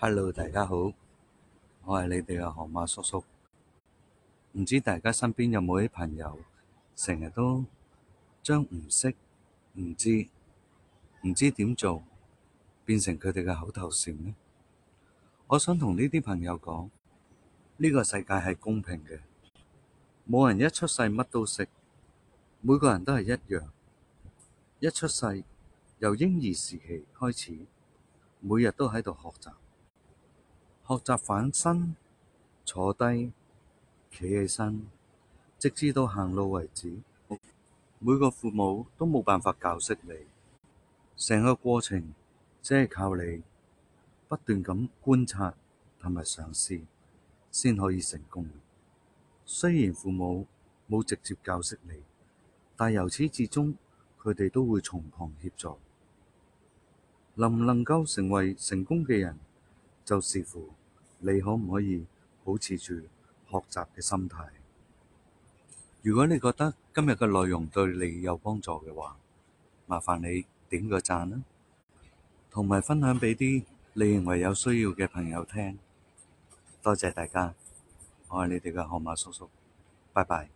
hello，大家好，我係你哋嘅河馬叔叔。唔知大家身邊有冇啲朋友，成日都將唔識、唔知、唔知點做，變成佢哋嘅口頭禪呢？我想同呢啲朋友講，呢個世界係公平嘅，冇人一出世乜都識，每個人都係一樣。一出世由嬰兒時期開始，每日都喺度學習。學習反身坐低、企起身，直至到行路為止。每個父母都冇辦法教識你，成個過程只係靠你不斷咁觀察同埋嘗試，先可以成功。雖然父母冇直接教識你，但由始至終佢哋都會從旁協助。能唔能夠成為成功嘅人，就視乎。你可唔可以保持住學習嘅心態？如果你覺得今日嘅內容對你有幫助嘅話，麻煩你點個讚啦，啊，同埋分享畀啲你認為有需要嘅朋友聽。多謝大家，我係你哋嘅河馬叔叔，拜拜。